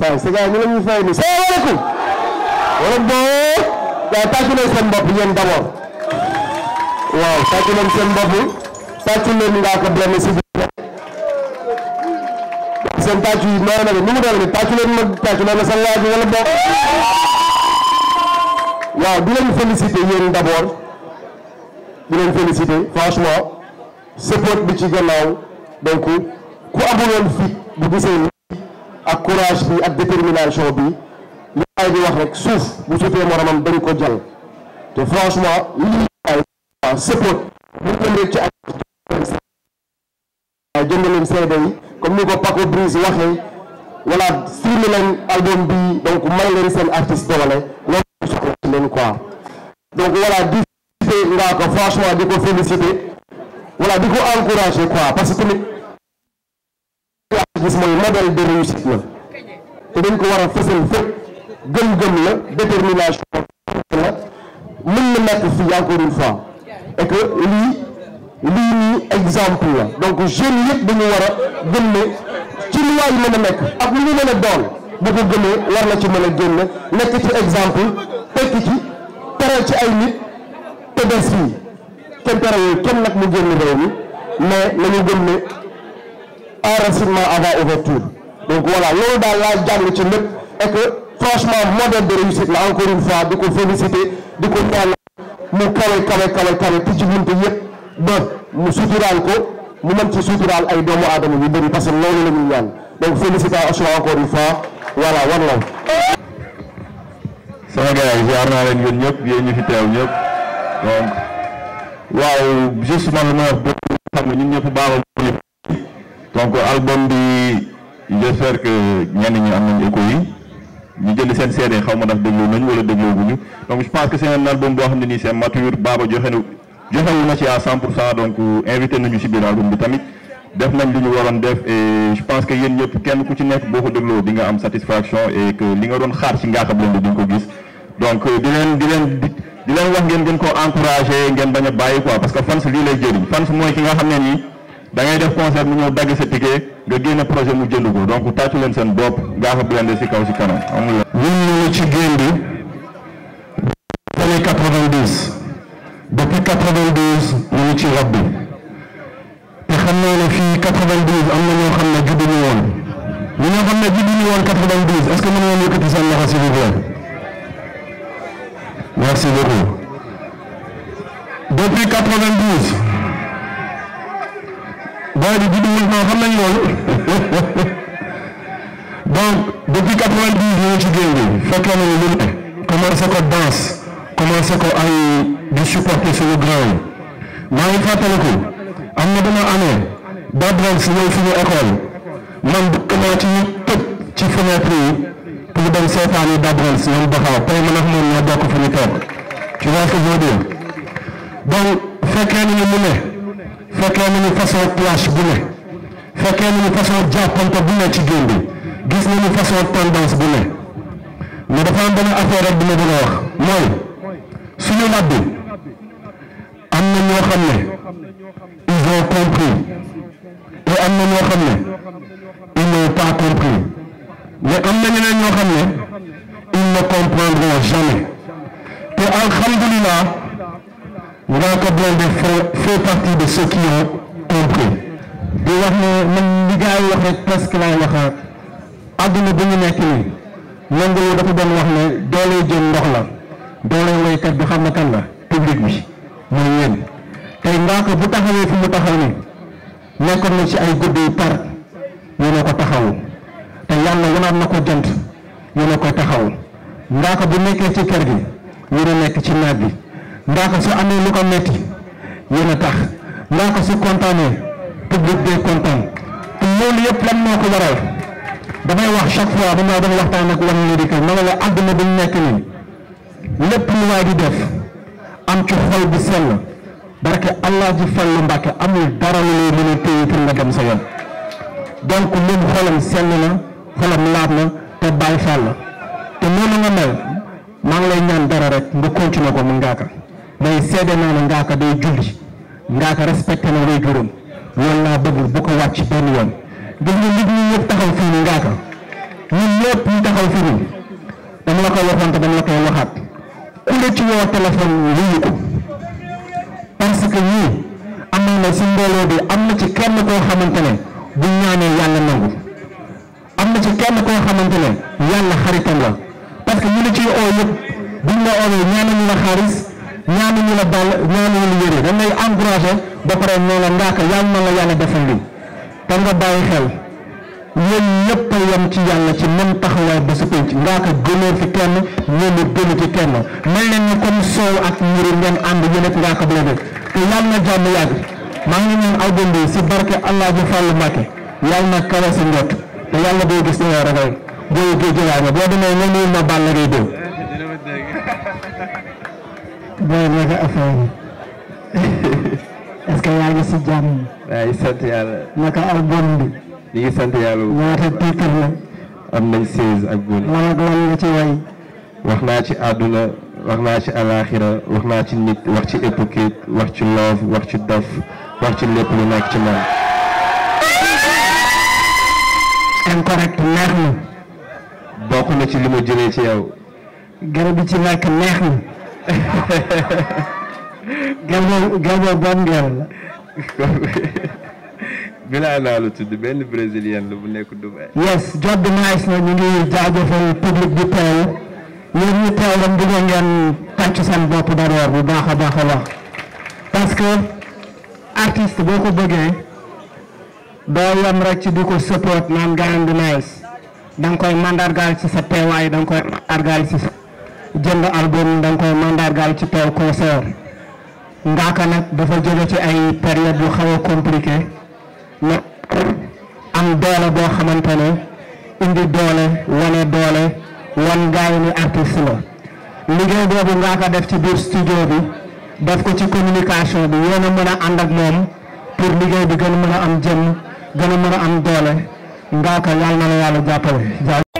waaw sëñ bi ñu ngi leen di fay nii salaamaaleykum wala boo waaw tàccu leen seen bopp yéen d'abord waaw tàccu leen seen bopp tàccu leen ngaa ko blâmer si seen tàcc yi nooy na de nu mu doon nii tàcc leen na sa wala bokk waaw di leen féliciter yéen d'abord di leen féliciter franchement support bi ci gannaaw donc ku amul fit bu gisee ak courage bi ak détermination bi li ay di wax suuf bu suufee moromam dañ ko jàll te franchement lii support bu ñu ci seen comme ni ko Paco Briz waxee voilà stream leen album bi donc may leen seen artiste doole loolu soxla leen quoi donc voilà di félicité ngaa ko franchement di ko félicité voilà di ko encouragé quoi parce que tamit gis mooy modèle de réussite la te dañ ko war a fësal fépp gëm-gëm la détermination la mën na nekk fii encore une que lii lii nii exemple la donc jeunes yëpp dañu war a gën ne ci lu waay mën a nekk ak lu ñu mën a doon bu ko gënee war na ci mën a génn nekk ci exemple tekk ci teral ci ay nit te des fii kenn teral yooyu kenn nag mu génn réew mi mais nañu gën ne avant ouverture donc voilà loolu daal laa jàng ci lépp et franchement modèle de réussite la encore une fois di ko féliciter di ko mu kawe kawe kawe kawe ci ci buntu yëpp ba mu suturaal ko mu mën ci suturaal ay doomu aadama yu bëri parce que loolu la ñuy ñaan donc félicitations encore une fois voilà war la sama gars yi ziar naa leen yéen ñëpp yéen ñu fi teew ñëpp donc waaw juste man ma wax xam ñëpp baaxul donc album bi j'espère que ñenn ñi am nañu écho yi ñu jënd seen CD xaw ma ndax déglu nañu wala déglu guñu donc je pense que album boo xam ne nii seen mature Baba joxe na joxewu na ci à 100 pour cent donc invité nañu si biir bi tamit def nañ li ñu waroon def je pense que yéen ñëpp kenn ku ci nekk boo ko dégloo di nga am satisfaction et que li nga doon xaar si Ngaaka Blindé di nga ko gis donc euh, di leen di leen di leen wax ngeen gën koo encouragé ngeen bañ a bàyyi quoi parce que fans lii lay jëriñ fans mooy ki nga xam ne nii da def concert mu ñëw dagg sa ticket nga génne projet mu jënd ko donc tàccu leen seen bopp Ngaaka 92 ñu ngi ci rob bi te xam naa ne fii 92 am na ñoo xam ne juddu ñu woon ñu ñoo xam ne juddu ñu woon 92 est-ce que mën ngeen yëkkati seen loxo s'il vous plaît merci beaucoup depuis 92 booy bi juddu woon non xam nañ loolu donc depuis 92 ñu ngi ci génn fekkee nañu lu ne commencé ko danse. commencé ko ay di supporter suñu grand maa ngi fàttaliku am na dama amee Dabran si ñëw suñu école man dëkk naa ci ñu yi pour dem seetaan yi Dabran si ñoom Baxaw tey man ak moom ñoo bokk fu ñu toog tu vois ce que donc fekkee nañu mu ne fekkee nañu façon clash bu ne fekkee nañu façon ci génn bi gis nañu façon tendance bu ne mais dafa am benn affaire rek ma bëgg wax mooy. suñu labbi am na ñoo xam ne ils ont compris te am na ñoo xam ne ils n'ont pas compris mais am na ñeneen ñoo xam ne ils ne comprendront jamais te alhamdulillah Ngaaka Blindé fait partie de ceux qui ont compris wax ne man li gars yi wax rek presque laay waxaat àdduna bu ñu nekk nii nangu dafa doon wax ne doole jën ndox la dooleel waykat bi xam na kan la public bi mooy yéen tey Ngaaka bu taxawee fi mu taxaw ni nekkoon na ci ay guddi yu tar yéen ko taxawu te yàlla wanaat na ko jant yéen a ko taxawu Ngaaka bu nekkee ci kër gi yéen nekk ci naaj bi Ngaaka su amee lu ko metti yéen a tax Ngaaka su kontaanee public bee kontaan te loolu yëpp lan moo ko waral damay wax chaque fois bu ma doon waxtaan ak wan ni di kër ma ne la àdduna bu nekk nii lépp lu waay di def am ci xol bu sell barke allah ji fallu mbàkke amul dara lu lay mën téye pour nga dem sa yoon donc moom xolam sell na xolam laab na te bàyyi fàll te noonu nga mel maa ngi lay ñaan dara rek nga continuer ko mu ngaaka day seede naa ne ngaaka day julli ngaaka respecté na way juróom loolu laa bëgg bu ko wàcc benn yoon gis nga nit ñi ñëpp taxaw fii ni ngaaka ñun ñëpp ñu taxaw fii ni dama la koy waxoon te dama la koy waxaat ku la ci woo téléphone wuyu ko parce que ñii amoon na si mbooloo bi am na ci kenn koo xamante ne bu ñaanee yàlla nangu am na ci kenn koo xamante ne yàlla xaritam la parce que ñu la ciy oo yëpp buñ la oowee ñaanuñu la xaalis ñaanuñu la dàll ñaanuñu la yëre dañ lay encouragé ba pare ñoo la yàlla na la yàlla defal lii te nga bàyyi xel. lépp ñëpp ci yàlla ci même taxawaay ba sa pénc ngaa ko gënoo fi kenn ñoomu gënu ci kenn mel na ni comme soow ak ñuri ngeen ànd yéen ak ngaa ko bu la def te yàlla na jàmm yàgg maa ngi ñaan aw dund si barke allah ji fàllu Mbàkke yàlla na kawe sa njot te yàlla boo gis ne ragal boo géej laa nga boo demee nga nuyu ma ngay dégg booy nekk affaire ñu ngi yàlla bu ñaata tiitar la am nañ seize ak gone lan ak ci way wax naa ci àdduna wax naa ci alaaxira wax naa ci nit wax ci hypocrite wax ci loof wax ci dof wax ci lépp lu nekk ci man incorrect neex na bokk ci li ma jëlee ci yow garab ci lekk neex na garab garab Milana la tudd benn brésilien la bu nekk Dubai. yes job bi nice na ñu ngi jaajëfal public bi teew yéen ñu teew rek bëgg ngeen tàcc seen bopp d'abord bu baax a baax a wax parce que artiste boo ko bëggee doo yem rek ci di ko support naan gaan bi nice da nga koy mandargaal ci sa teewaay da nga koy mandargaal ci sa jënd album da nga koy mandargaal ci teew concert Ngaaka nag dafa jóge ci ay période yu xaw a compliqué ne am doole boo xamante ne indi doole wane doole wan gaay ni artiste la liggéey boobu ngaa ko def ci biir studio bi def ko ci communication bi yéen a mën a ànd ak moom pour liggéey bi gën a mën a am jëm gën a mën a am doole ngaa ko yàlla na yàlla jàppale